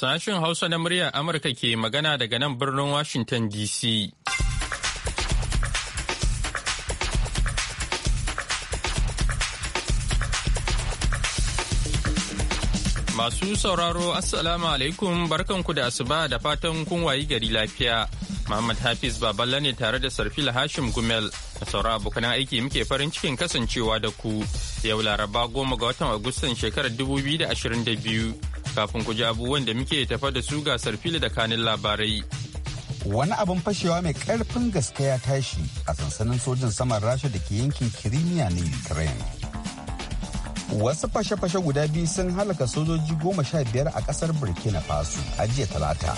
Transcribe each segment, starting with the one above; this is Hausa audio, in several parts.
Sashen Hausa na muryar Amurka ke magana daga nan birnin Washington DC. Masu sauraro Assalamu alaikum barkanku da asuba da fatan kun wayi gari lafiya. Muhammad Hafiz Baballa ne tare da Sarfila Hashim Gumel a saura abokanan aiki muke farin cikin kasancewa da ku. Yau Laraba goma ga watan Agustan shekarar 2022. Kafin ku ji abubuwan da muke tafa da su gasar fili da kanin labarai. Wani abin fashewa mai karfin gaske ya tashi a sansanin sojin saman Rasha da ke yankin Kirimiya na Ukraine. Wasu fashe-fashe guda biyu sun halaka sojoji goma sha biyar a ƙasar Burkina Faso a jiya talata,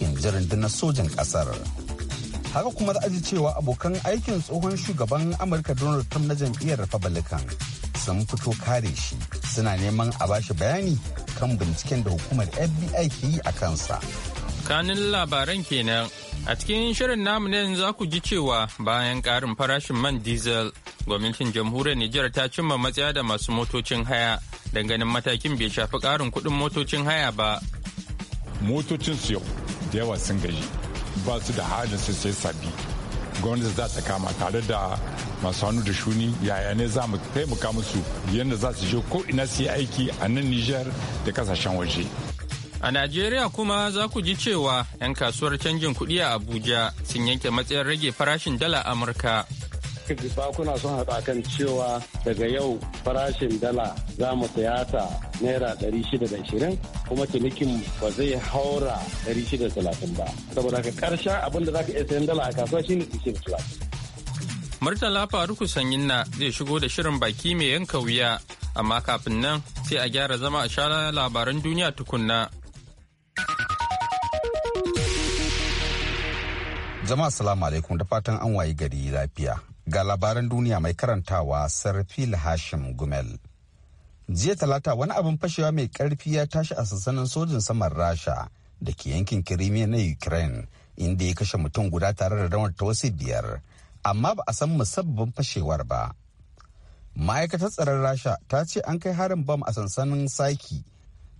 inji rundunar sojin ƙasar. haka kuma za a ji cewa abokan aikin tsohon shugaban amurka donald trump na jam'iyyar republican sun fito kare shi suna neman a bashi bayani kan binciken da hukumar FBI ke yi a kansa. Kanin labaran kenan a cikin shirin namu ne za ku ji cewa bayan ƙarin farashin man diesel gwamnatin jamhuriyar Nijar ta cimma matsaya da masu motocin haya danganin matakin bai shafi ƙarin kuɗin motocin haya ba. Motocin su da yawa sun gaji ba su da halin su sai sabi gwamnati za ta kama tare da masu hannu da shuni yaya ne za mu taimaka musu yadda za su je ko ina su yi aiki a nan Nijar da kasashen waje. A Najeriya kuma za ku ji cewa 'yan kasuwar canjin kuɗi a Abuja sun yanke matsayin rage farashin dala Amurka aka ji bakuna sun haɗa kan cewa daga yau farashin dala za mu saya naira 620 kuma cinikin ba zai haura 630 ba saboda ka karshen abin da za ka iya sayan dala a kasuwa shine 630 Murtala Faruku Sanyin na zai shigo da shirin baki mai yanka wuya amma kafin nan sai a gyara zama a sha labaran duniya tukunna. Jama'a salamu alaikum da fatan an wayi gari lafiya. Ga labaran duniya mai karantawa Sarfil Hashim Gumel. Jiya talata wani abin fashewa mai karfi ya tashi a sansanin sojin saman Rasha da ke yankin Kirimiya na Ukraine inda ya kashe mutum guda tare da rawar ta wasu biyar. Amma ba a san musabbabin fashewar ba. Ma'aikatar tsaron Rasha ta ce an kai harin bam a sansanin Saki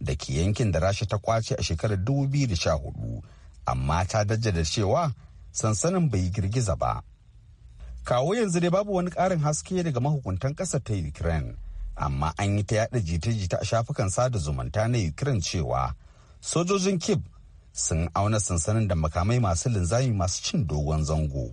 da ke yankin da Rasha ta kwace a shekarar 2014 amma ta da cewa sansanin bai girgiza ba kawo yanzu dai babu wani ƙarin haske daga mahukuntan ƙasar ta ukraine amma an yi ta yada jita-jita a shafukan sada zumunta na ukraine cewa sojojin kib sun auna sansanin da makamai masu linzami masu cin dogon zango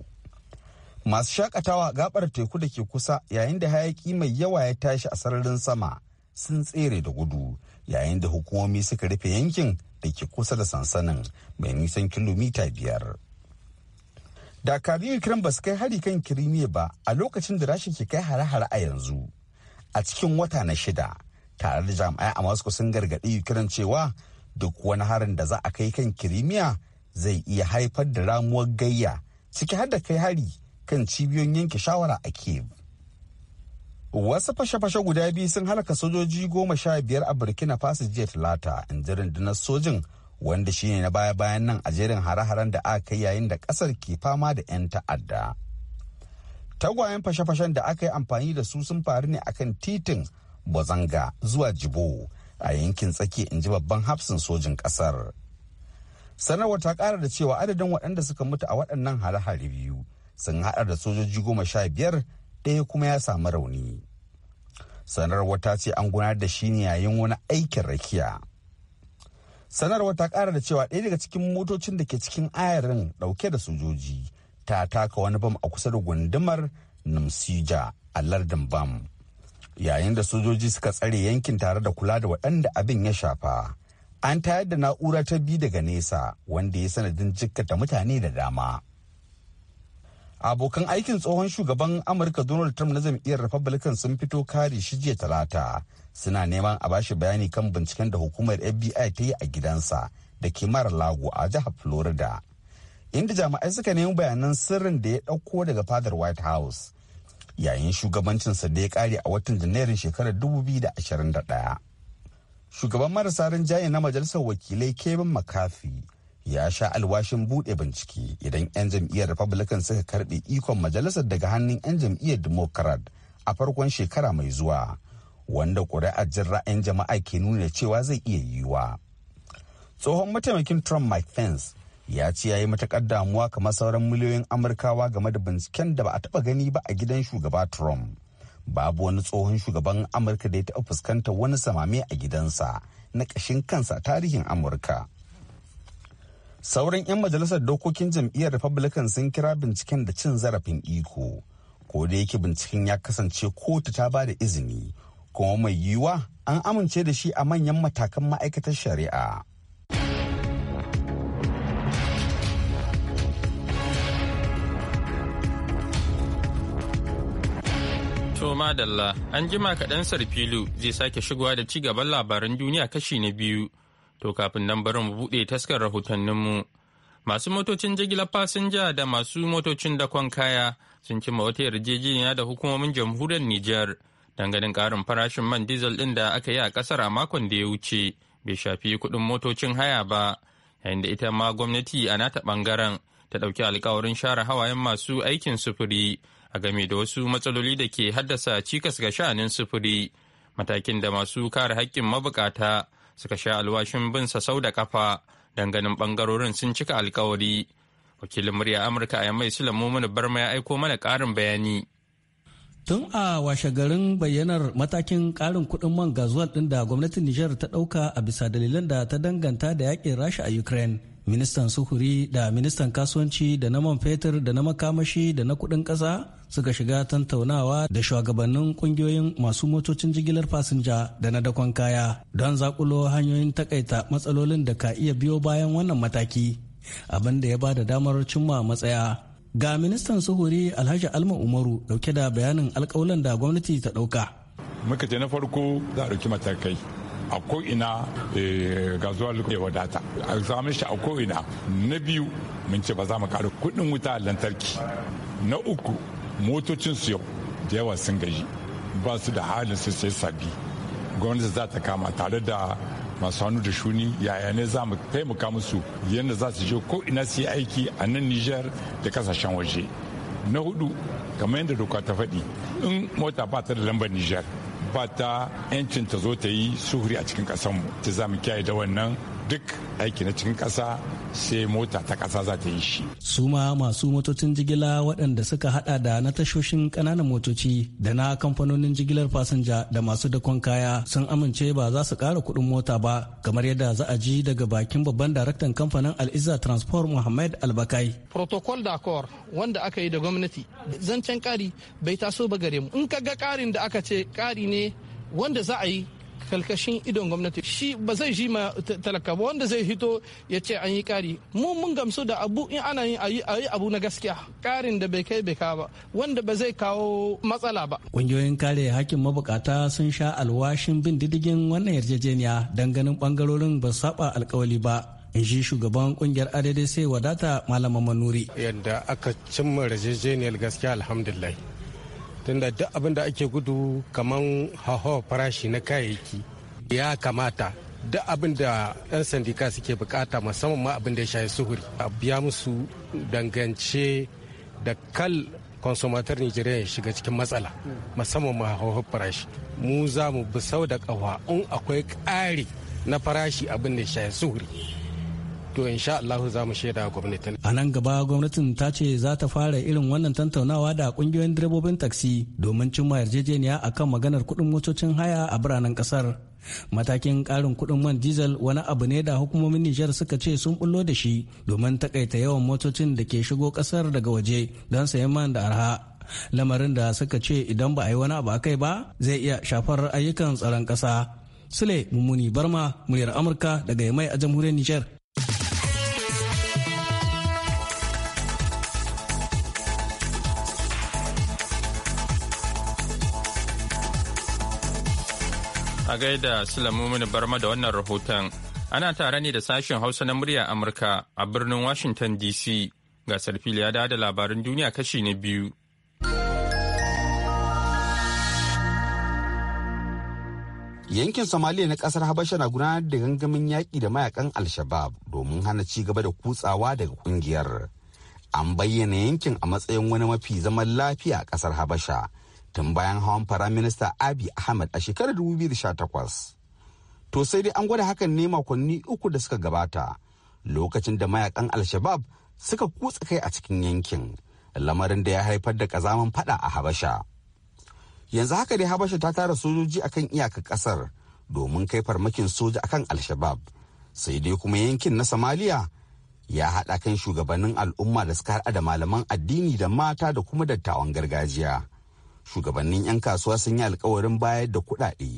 masu shakatawa gabar teku da ke kusa yayin da hayaki mai yawa ya tashi a sararin sama sun tsere da gudu yayin da hukumomi suka rufe yankin da ke kusa da sansanin mai nisan kilomita biyar da dakarun ukraine ba su kai hari kan kirimiya ba a lokacin da rashin ke kai hare-hare a yanzu a cikin wata na shida tare da jami'ai a moscow sun gargaɗi ukraine cewa duk wani harin da za a kai kan kirimiya zai iya haifar da ramuwar gayya ciki har da kai hari kan cibiyoyin yanke shawara a kiev wasu fashe-fashe guda biyu sun halaka sojoji goma sha biyar a burkina faso jiya talata in ji rundunar sojin wanda shine na baya-bayan nan a jerin hare-haren da aka kai yayin da kasar ke fama da 'yan ta'adda. Tagwayen fashe-fashen da aka yi amfani da su sun faru ne akan titin Bozanga zuwa Jibo a yankin tsaki in ji babban hafsin sojin kasar. Sanarwar ta kara da cewa adadin waɗanda suka mutu a waɗannan hare-hare biyu sun haɗa da sojoji goma sha biyar ɗaya kuma ya samu rauni. Sanarwar ta ce an gudanar da shi ne yayin wani aikin rakiya. sanarwa ta kara da cewa ɗaya daga cikin motocin da ke cikin ayarin ɗauke da sojoji ta taka wani bam a kusa da gundumar namsija a lardin bam yayin da sojoji suka tsare yankin tare da kula da waɗanda abin ya shafa an tayar da na'ura ta bi daga nesa wanda ya sanadin jikkata mutane da dama abokan aikin tsohon shugaban amurka donald trump na jam'iyyar republican sun fito kari shi jiya talata suna neman a bashi bayani kan binciken da hukumar fbi ta yi a gidansa da ke mara lago a jihar florida inda jami'ai suka nemi bayanan sirrin da ya ɗauko daga fadar white house yayin shugabancinsa da ya kare a watan janairun shekarar 2021 shugaban marasa rinjaye na majalisar wakilai kevin mccarthy ya sha alwashin buɗe bincike idan 'yan jam'iyyar republican suka karɓe ikon majalisar daga hannun 'yan jam'iyyar democrat a farkon shekara mai zuwa wanda ƙuri'ar jin ra'ayin jama'a ke nuna cewa zai iya yiwuwa. Tsohon mataimakin Trump Mike Pence ya ce ya yi matakar damuwa kamar sauran miliyoyin Amurkawa game da binciken da ba a taɓa gani ba a gidan shugaba Trump. Babu wani tsohon shugaban Amurka da ya taɓa fuskanta wani samame a gidansa na ƙashin kansa tarihin Amurka. Sauran 'yan majalisar dokokin jam'iyyar Republican sun kira binciken da cin zarafin iko. Ko da yake binciken ya kasance kotu ta ba da izini kuma mai yiwuwa an amince da shi a manyan matakan ma'aikatar shari'a. To madalla an jima kaɗan sarfilu zai sake shigowa da ci gaban labaran duniya kashi na biyu. To kafin nan bari mu buɗe taskar rahotanninmu. Masu motocin jigilar fasinja da masu motocin dakon kaya sun cima wata yarjejeniya da hukumomin jamhuriyar Nijar. danganin ƙarin farashin man diesel ɗin da aka yi a ƙasar a makon da ya wuce bai shafi kuɗin motocin haya ba yayin da ita ma gwamnati a nata ɓangaren ta ɗauki alkawarin share hawayen masu aikin sufuri a game da wasu matsaloli da ke haddasa cikas ga sha'anin sufuri matakin da masu kare haƙƙin mabukata suka sha alwashin bin sa sau da kafa danganin ɓangarorin sun cika alkawari wakilin murya amurka a yammai sulamumin barma ya aiko mana ƙarin bayani Tun a washe garin bayyanar matakin karin kuɗin man gazuwal ɗin da gwamnatin Nijar ta ɗauka a bisa dalilan da ta danganta da yakin Rasha a Ukraine. Ministan Suhuri da Ministan Kasuwanci da na man fetur da na makamashi da na kuɗin ƙasa suka shiga tantaunawa da shugabannin ƙungiyoyin masu motocin jigilar fasinja da na dakon kaya don zakulo hanyoyin takaita matsalolin da ka iya biyo bayan wannan mataki. Abin da ya ba da damar cimma matsaya. Ga ministan suhuri Alhaji Alma Umaru dauke da bayanin alkawalan da gwamnati ta dauka. Muka ce na farko za a dauki matakai a ko'ina eh, ga zuwa ya wadata a samun shi a ko'ina na biyu mun ce ba za mu kara kudin wuta lantarki na uku motocin su yau da yawa sun gaji ba su da halin su sai sabi gwamnati za ta kama tare da masu hannu da shuni yaya ne za mu taimaka musu yadda za su je ko ina su yi aiki a nan Nijar da kasashen waje. Na hudu kamar yadda doka ta faɗi in mota ba ta da lambar Nijar ba ta 'yancin ta zo ta yi suhuri a cikin ƙasarmu ta za mu kiyaye da wannan duk aiki na cikin ƙasa sai mota ta ƙasa za ta yi shi. suma masu motocin jigila waɗanda suka hada da na tashoshin ƙananan motoci da na kamfanonin jigilar fasinja da masu dakon kaya sun amince ba za su ƙara kuɗin mota ba kamar yadda za a ji daga bakin babban daraktan kamfanin al'iza transport muhammad albakai. protocol d'accord wanda aka yi da gwamnati zancen ƙari bai taso ba gare mu in ka ga ƙarin da aka ce ƙari ne wanda za a yi kalkashin idon gwamnati shi ba zai ji ma talaka ba wanda zai hito ya ce an yi kari mu mun gamsu da abu in ana yin a yi abu na gaskiya karin da bai kai bai kawo ba wanda ba zai kawo matsala ba ƙungiyoyin kare hakkin mabukata sun sha alwashin bin diddigin wannan yarjejeniya don ganin bangarorin ba saba alkawali ba in ji shugaban kungiyar adadai sai wadata malama manuri yadda aka cimma yarjejeniyar gaskiya alhamdulillah tunda duk abin da ake gudu kamar haho farashi na kayayyaki ya kamata duk abin da 'yan sandika suke bukata musamman ma abin da ya shayi suhuri a biya musu dangance da kal consumator nigeria ya shiga cikin matsala musamman ma haho farashi mu za mu bi sau da kawa in akwai ƙari na farashi abin da ya shayi suhuri to insha Allah za mu shaida gwamnatin a nan gaba gwamnatin ta ce za ta fara irin wannan tantaunawa da kungiyoyin direbobin taksi domin cimma yarjejeniya a kan maganar kuɗin motocin haya a biranen kasar matakin karin kuɗin man diesel wani abu ne da hukumomin nijar suka ce sun bullo da shi domin takaita yawan motocin da ke shigo kasar daga waje don sayan man da arha lamarin da suka ce idan ba a yi wani abu a kai ba zai iya shafar ayyukan tsaron ƙasa. sule mummuni barma muryar amurka daga mai a jamhuriyar nijar A gaida Sulamumin Barma da wannan rahoton. Ana tare ne da sashen Hausa na murya Amurka a birnin Washington DC. Ga sarfili ya da labarin duniya kashi na biyu. Yankin Somaliya na kasar Habasha na gudanar da gangamin yaƙi da mayakan Al-Shabab domin hana ci gaba da kutsawa daga kungiyar. An bayyana yankin a matsayin wani mafi zaman lafiya a kasar Habasha. tun bayan hawan fara minista abi ahmed a shekarar 2018 to sai dai an gwada hakan ne makonni uku da suka gabata lokacin da mayakan alshabab suka kutsa kai a cikin yankin lamarin da ya haifar da kazaman fada a habasha yanzu haka dai habasha ta tara sojoji akan iyakar kasar domin kai farmakin soja akan al-shabab sai dai kuma yankin na samaliya ya haɗa kan shugabannin al'umma da suka haɗa da malaman addini da mata da kuma dattawan gargajiya shugabannin 'yan kasuwa sun yi alkawarin bayar da kuɗaɗe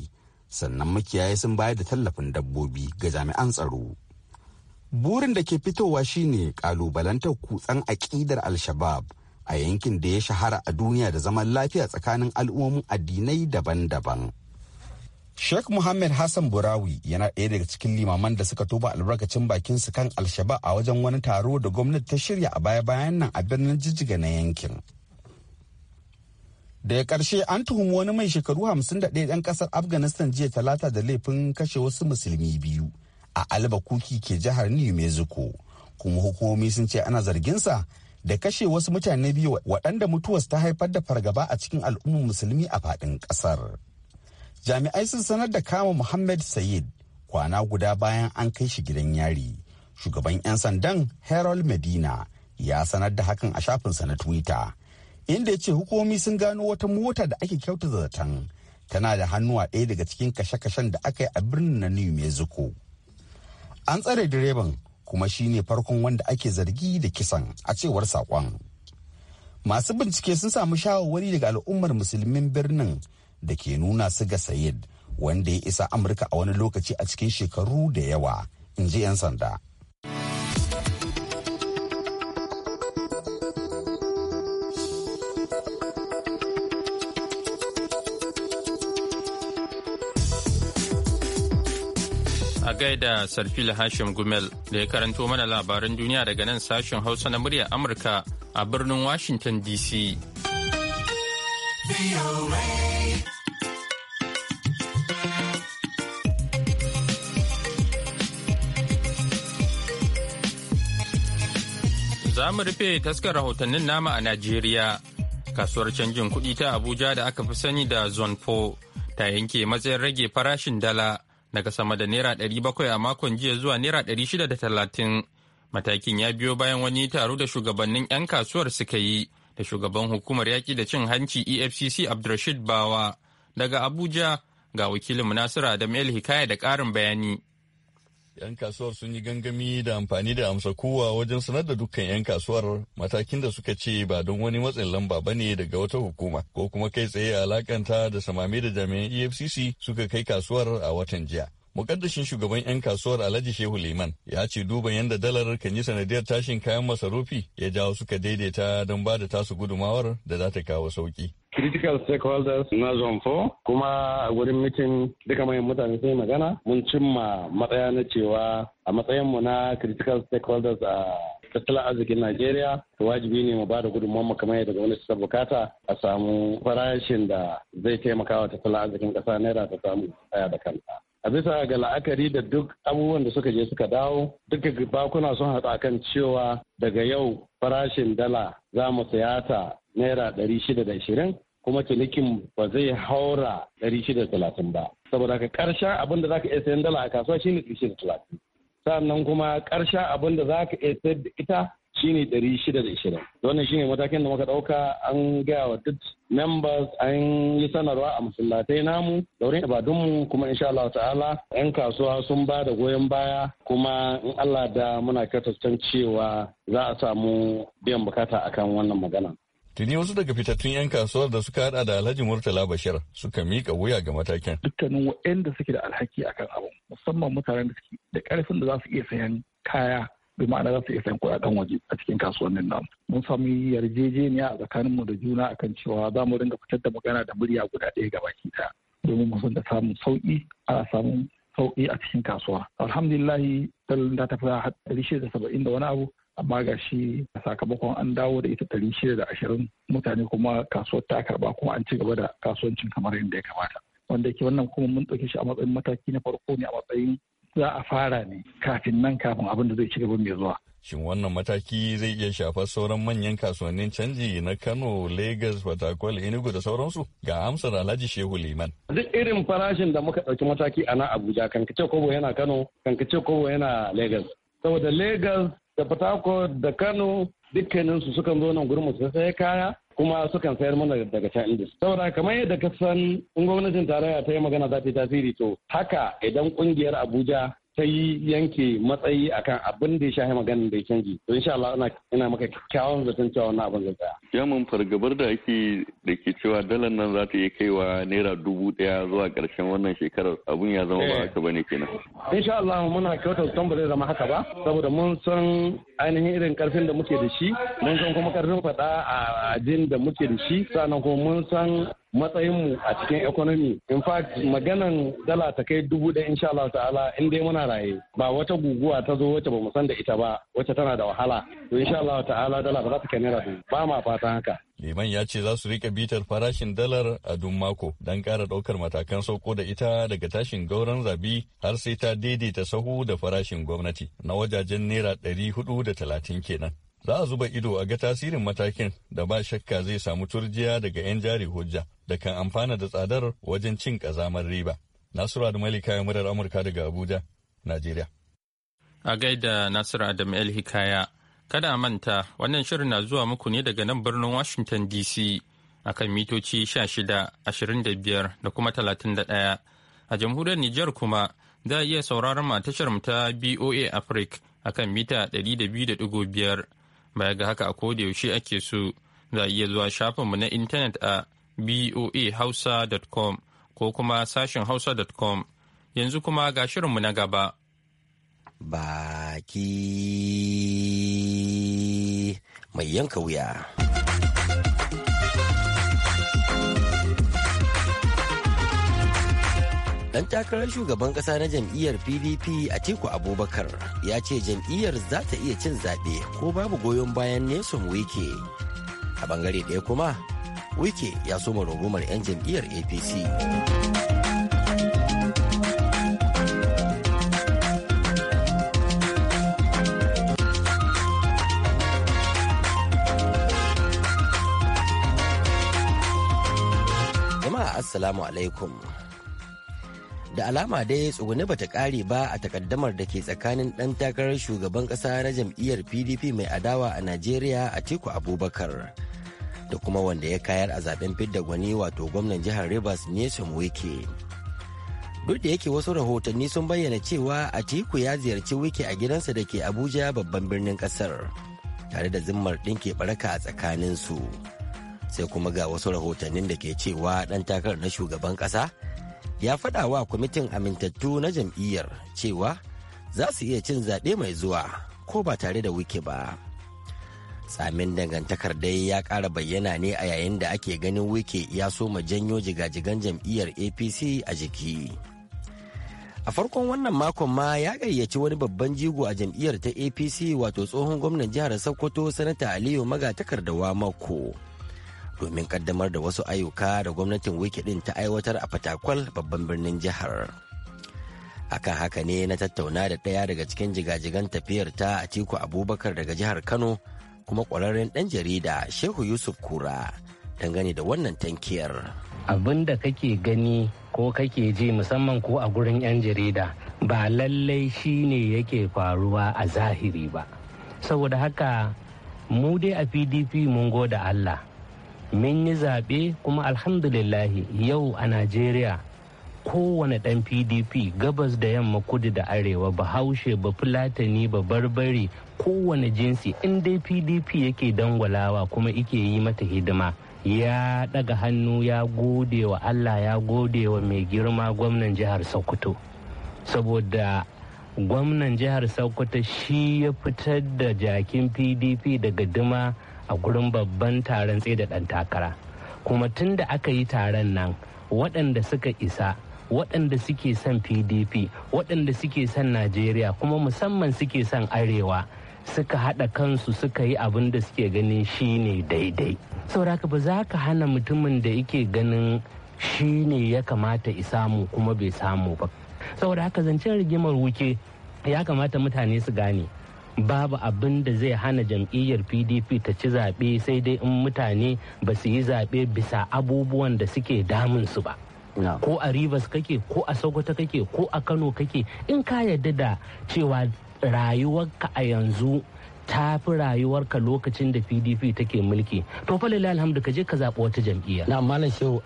sannan makiyaye sun bayar da tallafin dabbobi ga jami'an tsaro burin da ke fitowa shine kalubalantar kutsan aƙidar al-shabab a yankin da ya shahara a duniya da zaman lafiya tsakanin al'ummomin addinai daban-daban Sheikh Muhammad Hassan Burawi yana ɗaya daga cikin limaman da suka tuba albarkacin bakin su kan alshaba a wajen wani taro da gwamnati ta shirya a baya-bayan nan a birnin jijjiga na yankin. daga ƙarshe an tuhumi wani mai shekaru 51 ɗan ƙasar afghanistan jiya talata da laifin kashe wasu musulmi biyu a albakuki ke jihar new mexico kuma hukumomi sun ce ana zarginsa da kashe wasu mutane biyu waɗanda mutuwas ta haifar da fargaba a cikin al'ummar musulmi a faɗin ƙasar jami'ai sun sanar da kama muhammad sayid kwana guda bayan an kai shi gidan yari shugaban 'yan sandan harold medina ya sanar da hakan a shafinsa na twitter inda ya ce hukumomi sun gano wata mota da ake kyauta da zaton tana da hannu a ɗaya daga cikin kashe-kashen da aka yi a birnin na new mexico an tsare direban kuma shi ne farkon wanda ake zargi da kisan a cewar saƙon masu bincike sun samu shawarwari daga al'ummar musulmin birnin da ke nuna su ga sayid wanda ya isa amurka a wani lokaci a cikin shekaru da yawa in ji 'yan sanda. da Sarfil Hashim Gumel da ya karanto mana labaran duniya daga nan sashen Hausa na murya Amurka a birnin Washington DC. Za mu rufe taskar rahotannin nama a Najeriya. Kasuwar canjin kuɗi ta Abuja da aka fi sani da Zonfo ta yanke matsayin rage farashin dala. daga sama da naira 700 a makon jiya zuwa naira 630 matakin ya biyo bayan wani taro da shugabannin 'yan kasuwar suka yi da shugaban hukumar yaƙi da cin hanci efcc abdulrashid bawa daga abuja ga wakilin munasira adam el hikaya da ƙarin bayani 'Yan kasuwar sun yi gangami da amfani da amsa kowa wajen sanar da dukkan 'yan kasuwar matakin da suka ce ba don wani matsin lamba ba ne daga wata hukuma ko kuma kai tsaye alakanta da samame da jami'an EFCC suka kai kasuwar a watan jiya. mukaddashin shugaban 'yan kasuwar alhaji shehu liman ya ce duban yadda dalar kan yi sanadiyar tashin kayan masarufi ya jawo suka daidaita don ba da tasu gudumawar da za ta kawo sauki critical stakeholders na zone kuma a gurin mitin duka mai mutane sai magana mun cimma matsaya na cewa a matsayinmu na critical stakeholders a tattalin arzikin Najeriya wajibi ne mu ba da gudunmuwan kamar daga wani ta bukata a samu farashin da zai taimaka wa tattalin arzikin ƙasa naira ta samu tsaya da kanta. a bisa ga la'akari da duk abubuwan da suka je suka dawo duka bakuna sun haɗa kan cewa daga yau farashin dala za mu saya naira ɗari shida da ashirin kuma cinikin ba zai haura ɗari ba saboda haka karshen abin da za ka iya sayan dala a kasuwa shine ɗari sannan kuma karshe abin da za ka iya sayar da ita shine ɗari wannan shine matakin da muka ɗauka an gaya wa duk members an yi sanarwa a masallatai namu da wurin ibadunmu kuma insha Allah ta'ala yan kasuwa sun ba da goyon baya kuma in Allah da muna kyautattan cewa za a samu biyan bukata akan wannan magana Tuni wasu daga fitattun 'yan kasuwar da suka hada da Alhaji Murtala Bashir suka mika wuya ga matakin. Dukkanin waɗanda suke da alhaki akan abu musamman mutanen da suke da karfin da za su iya sayan kaya bi ma'ana za su iya sayan kuɗaɗen waje a cikin kasuwannin nan. Mun sami yarjejeniya a mu da juna akan cewa za mu ringa fitar da magana da murya guda ɗaya ga baki ɗaya. Domin mu san da samun sauƙi ana samun sauƙi a cikin kasuwa. Alhamdulillahi dalilin da ta fi hadari da saba'in da wani abu amma ga shi sakamakon an dawo da ita ɗari shida da ashirin mutane kuma kasuwar ta karba kuma an ci gaba da kasuwancin kamar yadda ya kamata wanda ke wannan kuma mun ɗauke shi a matsayin mataki na farko ne a matsayin za a fara ne kafin nan kafin abin da zai ci gaba mai zuwa. Shin wannan mataki zai iya shafar sauran manyan kasuwannin canji na Kano, Lagos, Fatakwal, Enugu da sauransu? Ga amsar Alhaji Shehu Liman. Duk irin farashin da muka ɗauki mataki a nan Abuja, kankace kobo yana Kano, kankace kobo yana Lagos. Saboda Lagos da Fatako da Kano dukkaninsu sukan zo nan gurin mu su sai kaya kuma sukan sayar mana daga can inda saboda kamar yadda ka san in gwamnatin tarayya ta yi magana za ta yi tasiri to haka idan kungiyar Abuja yi yanke matsayi akan abin da ya shahi maganin da ya canji to insha Allah ina maka kyakkyawan zaton cewa wannan abin zai tsaya fargabar da ake da ke cewa dalar nan za ta iya kaiwa naira dubu daya zuwa karshen wannan shekarar abun ya zama ba eh. haka bane kenan insha Allah muna kyautar zaton ba zai zama haka ba saboda mun san ainihin irin karfin da muke da shi mun san kuma karfin faɗa a jin da muke da shi sannan kuma mun san matsayinmu a cikin economy in fact maganan dala ta kai dubu ɗaya insha Allah ta'ala in dai muna raye ba wata guguwa ta zo wacce ba mu san da ita ba wacce tana da wahala to insha Allah ta'ala dala ba za ta kai naira ba ma fatan haka Liman ya ce za su rika bitar farashin dalar a dun mako don ƙara ɗaukar matakan sauko da ita daga tashin gauran zabi har sai ta daidaita sahu da farashin gwamnati na wajajen naira ɗari da talatin kenan. Za a zuba ido a ga tasirin matakin da ba shakka zai samu turjiya daga 'yan jari hujja da kan amfana da tsadar wajen cin kazamar riba. Nasiru Adamali Hikaya murar Amurka daga Abuja, Najeriya. A gaida Nasiru Adam El Hikaya, kada manta wannan shirin na zuwa muku ne daga nan birnin Washington DC akan mitoci 16, da kuma 31. A jamhuriyar Nijar kuma za a iya sauraron mu ta BOA Africa akan mita 200.5 baya ga haka a yaushe ake so za a iya zuwa shafinmu na intanet a boahausa.com ko kuma sashen hausa.com yanzu kuma ga shirinmu na gaba. Baki mai yanka wuya. Dan takarar shugaban kasa na jam'iyyar PDP Atiku Abubakar ya ce jam'iyyar za ta iya cin zaɓe ko babu goyon bayan Nelson Wike. A bangare ɗaya kuma, Wike ya soma rungumar 'yan jam'iyyar APC. Jama'a Assalamu alaikum. da alama dai tsuguni bata kare ba a takaddamar da ke tsakanin dan takarar shugaban kasa na jam'iyyar pdp mai adawa a najeriya a Tiku abubakar da kuma wanda ya kayar a zaben fidda gwani wato gwamnan jihar rivers Nation Wiki. duk da yake wasu rahotanni sun bayyana cewa a atiku ya ziyarci Wiki a gidansa da ke abuja babban birnin kasar tare da zimmar ɗinke baraka a tsakaninsu sai kuma ga wasu rahotannin da ke cewa ɗan takarar na shugaban kasa? ya faɗa wa kwamitin amintattu na jam'iyyar cewa za su iya cin zaɓe mai zuwa ko ba tare da wike ba tsamin dangantakar dai ya ƙara bayyana ne a yayin da ake ganin wike ya soma janyo jigajigan jam'iyyar apc a jiki a farkon wannan makon ma ya gayyaci wani babban jigo a jam'iyyar ta apc wato tsohon gwamnan jihar sokoto sanata aliyu wa mako domin kaddamar da wasu ayyuka da gwamnatin wiki din ta aiwatar a fatakwal babban birnin jihar akan haka ne na tattauna da ɗaya daga cikin jigajigan tafiyar ta a tiku abubakar daga jihar kano kuma ƙwararren ɗan jarida shehu yusuf kura dangane da wannan tankiyar abin da kake gani ko kake ji musamman ko a gurin 'yan jarida ba lallai shi ne yake faruwa a zahiri ba saboda haka mu dai a pdp mun goda allah mun yi zaɓe kuma alhamdulillahi yau a najeriya kowane ɗan pdp gabas da yamma kudu da arewa ba haushe ba fulatani ba barbari kowane jinsi in dai pdp yake dangwalawa kuma ike yi mata hidima ya ɗaga hannu ya gode wa allah ya gode wa mai girma gwamnan jihar sokoto saboda gwamnan jihar sokoto shi ya fitar da jakin pdp daga dima a gurin babban taron tsaye da ɗan takara kuma tun da aka yi taron nan waɗanda suka isa waɗanda suke son pdp waɗanda suke son najeriya kuma musamman suke son arewa suka haɗa kansu suka yi abin da suke ganin shine daidai sauraka ba za ka hana mutumin da yake ganin shine ya kamata isamu kuma bai samu ba saboda haka zancen rigimar wuke ya kamata mutane su gane babu abin da zai hana jam'iyyar pdp ta ci zaɓe sai dai in mutane ba su yi zaɓe bisa abubuwan da suke damun su ba ko a rivers kake ko a sokoto kake ko a kano kake in ka yarda da cewa rayuwarka a yanzu ta fi rayuwarka lokacin da pdp take mulki to fa alhamdu ka je ka zaɓi wata jam'iyya na malam shehu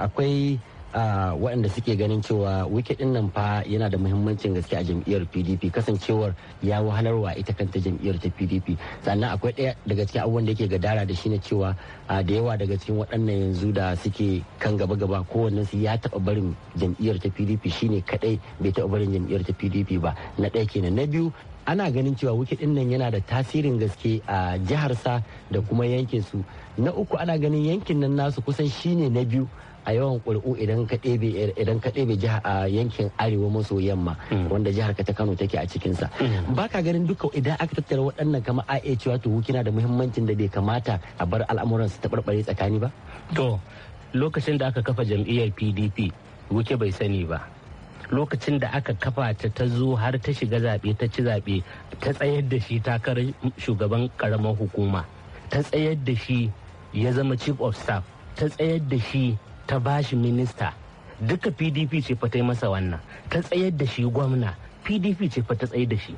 akwai waɗanda suke ganin cewa wike ɗin nan fa yana da muhimmancin gaske a jam'iyyar pdp kasancewar ya wahalarwa ita kanta jam'iyyar ta pdp sannan akwai ɗaya daga cikin abubuwan da yake gadara da shi ne cewa da yawa daga cikin waɗannan yanzu da suke kan gaba gaba kowannen su ya taɓa barin jam'iyyar ta pdp shine kaɗai bai taɓa barin jam'iyyar ta pdp ba na ɗaya kenan na biyu ana ganin cewa wuki din nan yana da tasirin gaske a jiharsa da kuma yankin su na uku ana ganin yankin nan nasu kusan shine na biyu a yawan ƙuri'u idan ka ɗebe idan ka ɗebe a yankin arewa maso yamma hmm. wanda jihar ka ta Kano take a cikin sa hmm. baka ganin duka idan aka tattara waɗannan kama a iya cewa to na da muhimmancin da bai kamata a bar al'amuran su taɓarɓare tsakani ba to lokacin da aka kafa jam'iyyar PDP wuke bai sani ba lokacin da aka kafa ta ta zo har ta shiga zaɓe ta ci zaɓe ta tsayar da shi takarar shugaban karamar hukuma ta tsayar da shi ya zama chief of staff ta tsayar da shi ta bashi minista duka pdp ce fa ta yi masa wannan ta tsayar da shi gwamna pdp ce fa ta tsayar da shi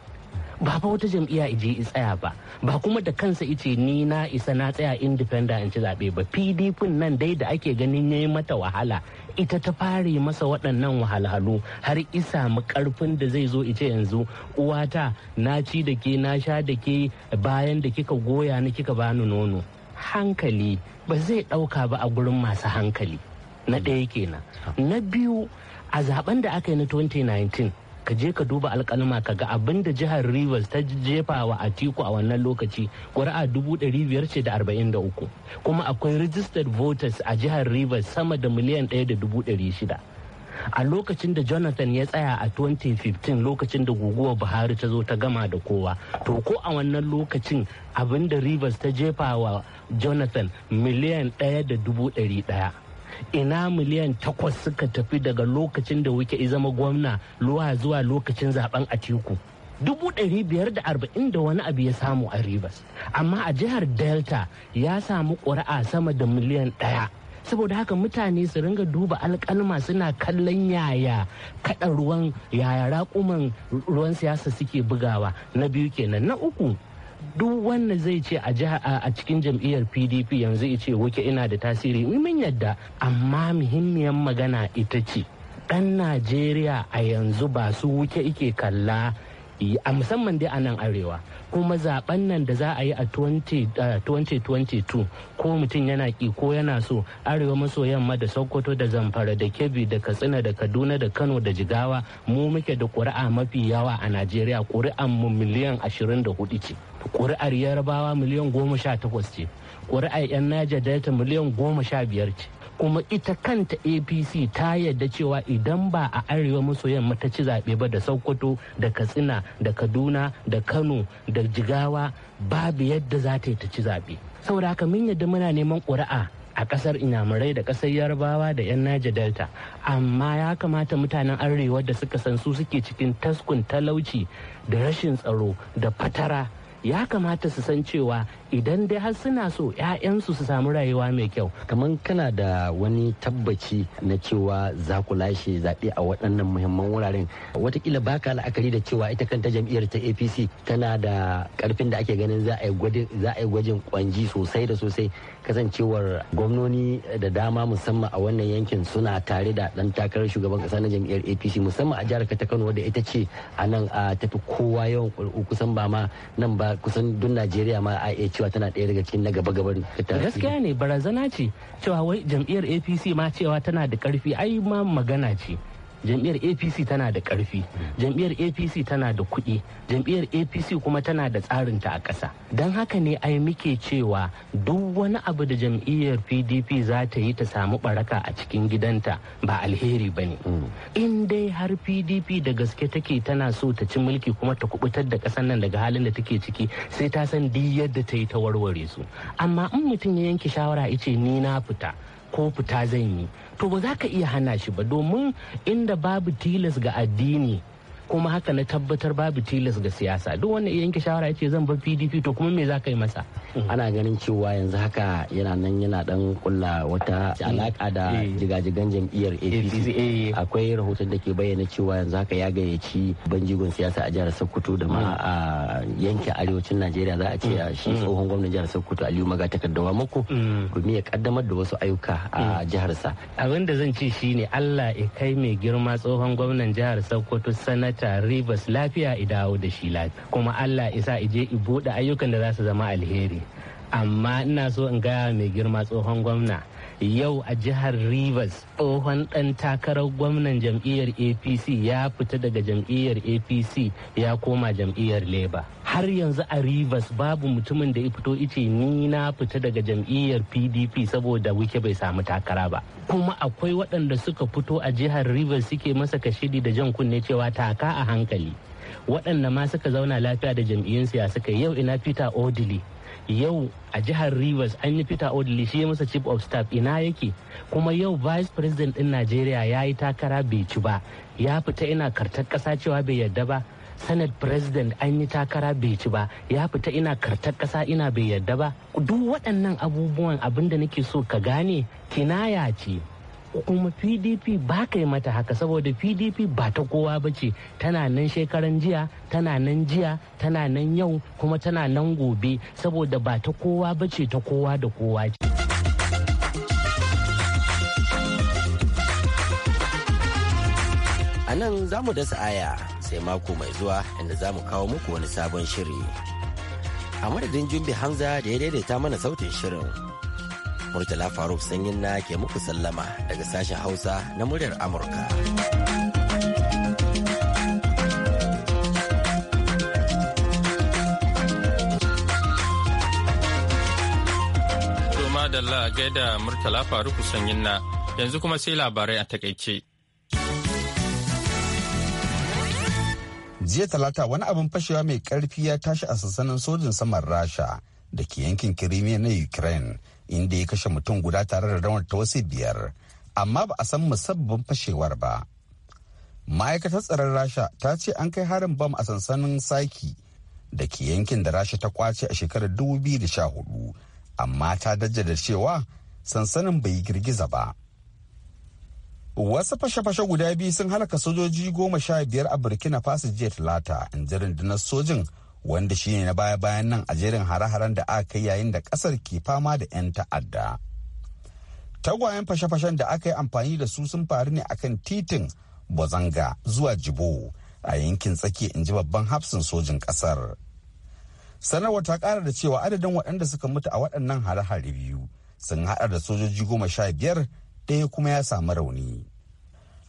ba fa wata jam'iyya ije i tsaya ba ba kuma da kansa ice ni na isa na tsaya independent in ci zaɓe ba pdp nan dai da ake ganin yayi mata wahala ita ta fare masa waɗannan wahalhalu har isa mu karfin da zai zo ice yanzu uwata na ci da ke na sha da ke bayan da kika goya ni kika bani nono hankali ba zai ɗauka ba a gurin masu hankali na ɗaya kenan na biyu a zaben da aka yi na 2019 ka je ka duba alkalma ka ga abin da jihar rivers ta jefawa a atiku a wannan lokaci ƙuri'a dubu ɗari biyar ce da arba'in da uku kuma akwai registered voters a jihar rivers sama da miliyan ɗaya da dubu ɗari shida a lokacin da jonathan ya tsaya a 2015 lokacin da guguwar buhari ta zo ta gama da kowa to ko a wannan lokacin abin da rivers ta jefa wa jonathan miliyan ɗaya da dubu ɗari ɗaya ina miliyan takwas suka tafi daga lokacin da wike zama gwamna luwa zuwa lokacin zaben a teku. dubu ɗari biyar da arba'in da wani abu ya samu a rivers. amma a jihar delta ya samu ƙuri'a sama da miliyan ɗaya saboda haka mutane su ringa duba alkalma suna kallon yaya kada ruwan yaya raƙuman ruwan siyasa suke bugawa na biyu kenan na uku duk wanda zai ce a jiha a cikin jam'iyyar pdp yanzu ya ce wuke ina da tasiri mun yadda amma muhimmiyar magana ita ce ɗan najeriya a yanzu ba su wuke ike kalla a musamman dai a nan arewa kuma zaben nan da za a yi a 2022 ko mutum yana ki ko yana so arewa maso yamma da sokoto da zamfara da kebbi da katsina da kaduna da kano da jigawa mu muke da kuri'a mafi yawa a najeriya ƙuri'an mu miliyan 24 ce ƙuri'ar yarbawa miliyan goma sha takwas ce ƙuri'ar 'yan naja delta miliyan goma sha biyar ce kuma ita kanta apc ta yadda cewa idan ba a arewa maso yamma ta ci zaɓe ba da sokoto da katsina da kaduna da kano da jigawa babu yadda za ta yi ta ci zaɓe saboda haka mun yadda muna neman ƙuri'a a ƙasar inyamurai da ƙasar yarbawa da 'yan naja delta amma ya kamata mutanen arewa da suka san su suke cikin taskun talauci da rashin tsaro da fatara ya kamata su san cewa idan dai har suna so 'ya'yansu su samu rayuwa mai kyau kamar kana da wani tabbaci na cewa za ku lashe zaɓe a waɗannan muhimman wuraren watakila ba ka la'akari da cewa ita kanta jam'iyyar ta apc tana da ƙarfin da ake ganin za a yi gwajin kwanji sosai da sosai kasancewar gwamnoni da dama musamman a wannan yankin suna tare da dan takarar shugaban kasa na jam'iyyar apc musamman a jihar ta kano wadda ita ce a nan a tafi kowa yawan kusan ba ma nan ba kusan duk najeriya ma a iya cewa tana ɗaya daga cikin na gaba gaban gaskiya ne barazana ce cewa wai jam'iyyar apc ma cewa tana da karfi ai ma magana ce jam'iyyar apc tana da karfi jam'iyyar apc tana da kuɗi jam'iyyar apc kuma tana da tsarin ta a ƙasa don haka ne ai muke cewa duk wani abu da jam'iyyar pdp za ta yi ta samu ɓaraka a cikin gidanta ba alheri ba ne mm. in dai har pdp da gaske take tana so ta ci mulki kuma ta kubutar da ƙasar nan daga halin da take ciki sai ta san duk yadda ta yi ta warware su amma in mutum ya yanke shawara ice ce ni na fita ko fita zan yi to ba za ka iya hana shi ba domin inda babu tilas ga addini kuma haka na tabbatar babu tilas ga siyasa duk wanda yanke shawara ya ce zan bar pdp to kuma me za ka yi masa mm. ana ganin cewa yanzu haka yana nan yana dan kulla wata mm. alaka da eh. jigajigan jam'iyyar apc eh, eh. akwai rahoton da ke bayyana cewa yanzu haka ya gayyaci banjigon siyasa a jihar sokoto da ma mm. a yanke arewacin najeriya za a ce shi tsohon gwamnan jihar sokoto aliyu maga takardawa mako domin ya kaddamar da wasu ayyuka a jiharsa abin da zan ce shine allah ya kai mai girma tsohon gwamnan jihar sokoto sanata ta Rivers lafiya idawo da shi lafiya kuma Allah isa ije i buɗe ayyukan da za su zama alheri amma ina so in gaya mai girma tsohon gwamna yau a jihar rivers tsohon ɗan takarar gwamnan jam'iyyar apc ya fita daga jam'iyyar apc ya koma jam'iyyar labour har yanzu a rivers babu mutumin da ya fito ice ni na fita daga jam'iyyar pdp saboda wike bai samu takara ba kuma akwai waɗanda suka fito a jihar rivers suke masa kashidi da jan kunne cewa taka a hankali waɗanda ma suka zauna lafiya da jam'iyyun siyasa suka yau ina peter odili yau a jihar rivers an yi peter odili shi masa chief of staff ina yake kuma yau vice president din nigeria ya yi takara bai ci ba ya fita ina kartar kasa cewa bai yarda ba senate president an yi takara bai ci ba ya fita ina kartar kasa ina bai yarda ba duk waɗannan abubuwan abin da nake so ka gane kinaya ce kuma pdp ba ka yi mata haka saboda pdp ba ta kowa ba ce tana nan shekaran jiya tana nan jiya tana nan yau kuma tana nan gobe saboda ba ta kowa ba ce ta kowa da kowa ce a nan za mu dasa aya sai mako mai zuwa inda za mu kawo muku wani sabon shiri a madadin jumbi hamza da ya daidaita mana sautin shirin Murtala Faruk Sanyin na ke muku sallama daga sashen Hausa na muryar Amurka. Madalla gaida Murtala Faruk Sanyin na yanzu kuma sai labarai a takaice. jiya talata wani abin fashewa mai karfi ya tashi a sansanin sojin saman rasha da ke yankin kirimiya na ukraine inda ya kashe mutum guda tare da rawar ta wasu biyar amma ba a san musabbin fashewar ba ma'aikatar tsaron rasha ta ce an kai harin bam a sansanin saki da ke yankin da rasha ta kwace a shekarar da hudu amma ta da cewa sansanin bai girgiza ba wasu fashe-fashe guda biyu sun halaka sojoji goma sha biyar a burkina faso jiya talata in ji rundunar sojin wanda shine na baya-bayan nan a jerin hare-haren da aka kai yayin da kasar ke fama da 'yan ta'adda. Tagwayen fashe-fashen da aka yi amfani da su sun faru ne akan titin Bozanga zuwa Jibo a yankin tsaki in ji babban hafsin sojin kasar. Sanarwa ta kara da cewa adadin waɗanda suka mutu a waɗannan hare-hare biyu sun haɗa da sojoji goma sha biyar ɗaya kuma ya samu rauni.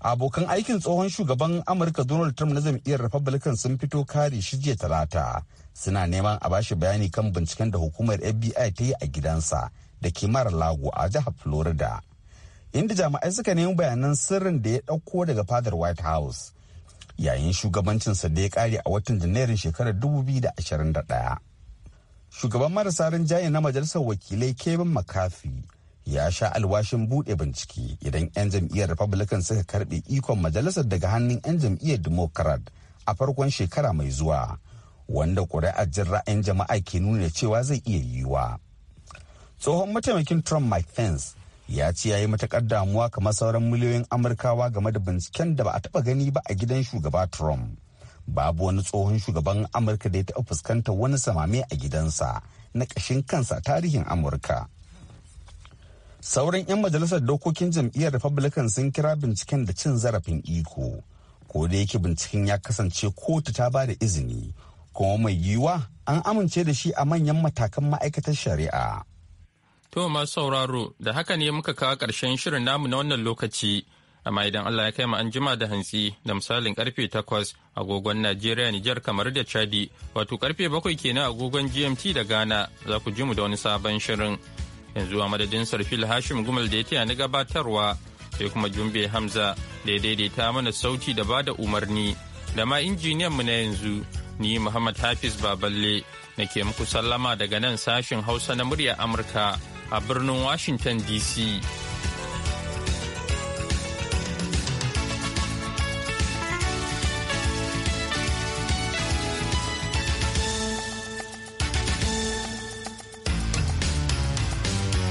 abokan aikin tsohon shugaban amurka donald trump na jam'iyyar republican sun fito kare shi jiya talata suna neman a bashi bayani kan binciken da hukumar fbi ta yi a gidansa da ke mara lago a jihar florida inda jami'ai suka nemi bayanan sirrin da ya ɗauko daga fadar white house yayin shugabancinsa da ya kare a watan janairun shekarar da ɗaya. shugaban marasa rinjaye na majalisar wakilai kevin mccarthy ya sha alwashin bude bincike idan 'yan jam'iyyar republican suka karɓe ikon majalisar daga hannun 'yan jam'iyyar democrat a farkon shekara mai zuwa wanda ƙuri'ar jin ra'ayin jama'a ke nuna cewa zai iya yiwuwa tsohon mataimakin trump mike pence ya ce ya yi matakar damuwa kamar sauran miliyoyin amurkawa game da binciken da ba a taɓa gani ba a gidan shugaba trump babu wani tsohon shugaban amurka da ya taɓa fuskantar wani samame a gidansa na ƙashin kansa tarihin amurka sauran 'yan majalisar dokokin jam'iyyar republican sun kira binciken da cin zarafin iko ko da yake binciken ya kasance kotu ta ba da izini kuma mai yiwuwa an amince da shi a manyan matakan ma'aikatar shari'a to masu sauraro da haka ne muka kawo ƙarshen shirin namu na wannan lokaci amma idan allah ya kai mu an jima da hantsi da misalin karfe 8 agogon najeriya nijar kamar da chadi wato karfe 7 kenan agogon gmt da ghana za ku ji mu da wani sabon shirin yanzu a madadin sarfil hashim gumal da ya taya na gabatarwa sai kuma jumbe hamza da ya daidaita mana sauti da ba da umarni da ma injiniyanmu na yanzu ni muhammad hafiz baballe na ke muku sallama daga nan sashen hausa na murya amurka a birnin washington dc